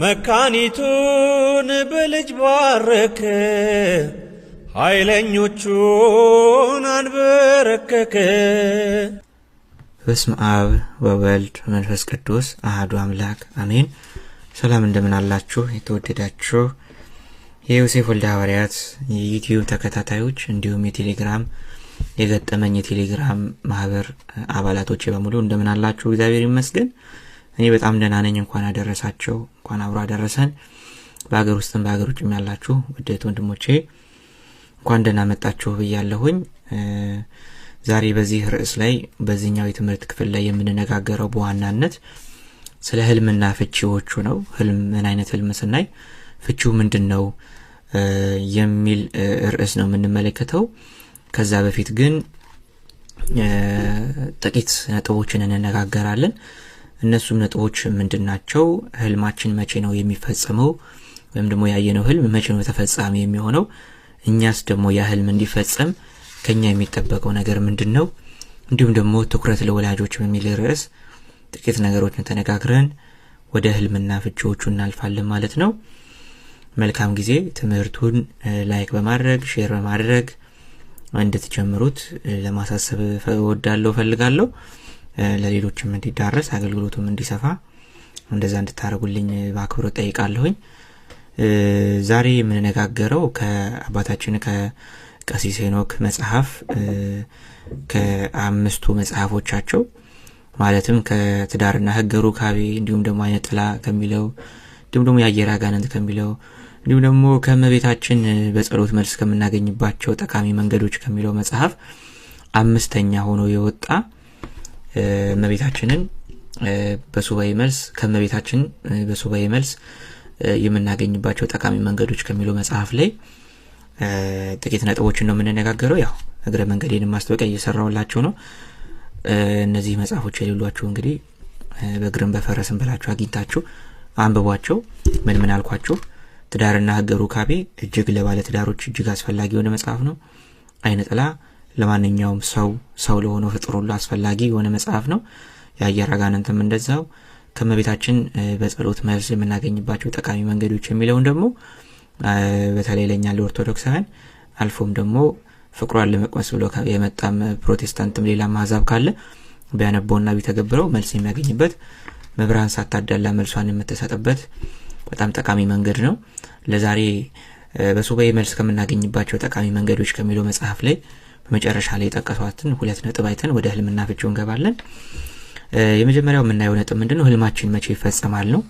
መካኒቱን በልጅ ባረከ፣ ኃይለኞቹን አንበረከከ። በስመ አብ ወወልድ መንፈስ ቅዱስ አህዱ አምላክ አሜን። ሰላም እንደምን አላችሁ? የተወደዳችሁ የዮሴፍ ወልደ ሐዋርያት የዩትዩብ ተከታታዮች እንዲሁም የቴሌግራም የገጠመኝ የቴሌግራም ማህበር አባላቶች በሙሉ እንደምን አላችሁ? እግዚአብሔር ይመስገን። እኔ በጣም ደህና ነኝ። እንኳን አደረሳቸው፣ እንኳን አብሮ አደረሰን። በሀገር ውስጥም በሀገር ውጭም ያላችሁ ውደት ወንድሞቼ እንኳን ደህና መጣችሁ ብያለሁኝ። ዛሬ በዚህ ርዕስ ላይ በዚህኛው የትምህርት ክፍል ላይ የምንነጋገረው በዋናነት ስለ ህልምና ፍቺዎቹ ነው። ህልም ምን አይነት ህልም ስናይ ፍቺው ምንድን ነው የሚል ርዕስ ነው የምንመለከተው። ከዛ በፊት ግን ጥቂት ነጥቦችን እንነጋገራለን። እነሱም ነጥቦች ምንድን ናቸው? ህልማችን መቼ ነው የሚፈጸመው? ወይም ደግሞ ያየነው ህልም መቼ ነው ተፈጻሚ የሚሆነው? እኛስ ደግሞ ያ ህልም እንዲፈጸም ከኛ የሚጠበቀው ነገር ምንድን ነው? እንዲሁም ደግሞ ትኩረት ለወላጆች በሚል ርዕስ ጥቂት ነገሮችን ተነጋግረን ወደ ህልምና ፍቺዎቹ እናልፋለን ማለት ነው። መልካም ጊዜ። ትምህርቱን ላይክ በማድረግ ሼር በማድረግ እንድትጀምሩት ለማሳሰብ ወዳለው ፈልጋለሁ ለሌሎችም እንዲዳረስ አገልግሎቱም እንዲሰፋ እንደዛ እንድታደረጉልኝ በአክብሮ ጠይቃለሁኝ። ዛሬ የምንነጋገረው ከአባታችን ከቀሲስ ሄኖክ መጽሐፍ ከአምስቱ መጽሐፎቻቸው ማለትም ከትዳርና ህገ ሩካቤ እንዲሁም ደግሞ አይነጥላ ጥላ ከሚለው እንዲሁም ደግሞ የአየር አጋንንት ከሚለው እንዲሁም ደግሞ ከእመቤታችን በጸሎት መልስ ከምናገኝባቸው ጠቃሚ መንገዶች ከሚለው መጽሐፍ አምስተኛ ሆኖ የወጣ እመቤታችንን በሱባኤ መልስ ከእመቤታችን በሱባኤ መልስ የምናገኝባቸው ጠቃሚ መንገዶች ከሚለው መጽሐፍ ላይ ጥቂት ነጥቦችን ነው የምንነጋገረው። ያው እግረ መንገዴን ማስታወቂያ እየሰራውላችሁ ነው። እነዚህ መጽሐፎች የሌሏችሁ እንግዲህ በእግርም በፈረስም ብላችሁ አግኝታችሁ አንብቧቸው። ምን ምን አልኳችሁ? ትዳርና ሕገ ሩካቤ እጅግ ለባለ ትዳሮች እጅግ አስፈላጊ የሆነ መጽሐፍ ነው። አይነ ጥላ ለማንኛውም ሰው ሰው ለሆነው ፍጡር ሁሉ አስፈላጊ የሆነ መጽሐፍ ነው። የአየር አጋንንትም እንደዛው ከመቤታችን በጸሎት መልስ የምናገኝባቸው ጠቃሚ መንገዶች የሚለውን ደግሞ በተለይ ለእኛ ለኦርቶዶክሳውያን አልፎም ደግሞ ፍቅሯን ለመቅመስ ብሎ የመጣም ፕሮቴስታንትም ሌላ ማዛብ ካለ ቢያነበውና ቢተገብረው መልስ የሚያገኝበት መብርሃን ሳታዳላ መልሷን የምትሰጥበት በጣም ጠቃሚ መንገድ ነው። ለዛሬ በሱባኤ መልስ ከምናገኝባቸው ጠቃሚ መንገዶች ከሚለው መጽሐፍ ላይ መጨረሻ ላይ የጠቀሷትን ሁለት ነጥብ አይተን ወደ ህልምና ፍቺው እንገባለን። የመጀመሪያው የምናየው ነጥብ ምንድነው ህልማችን መቼ ይፈጸማል ነው።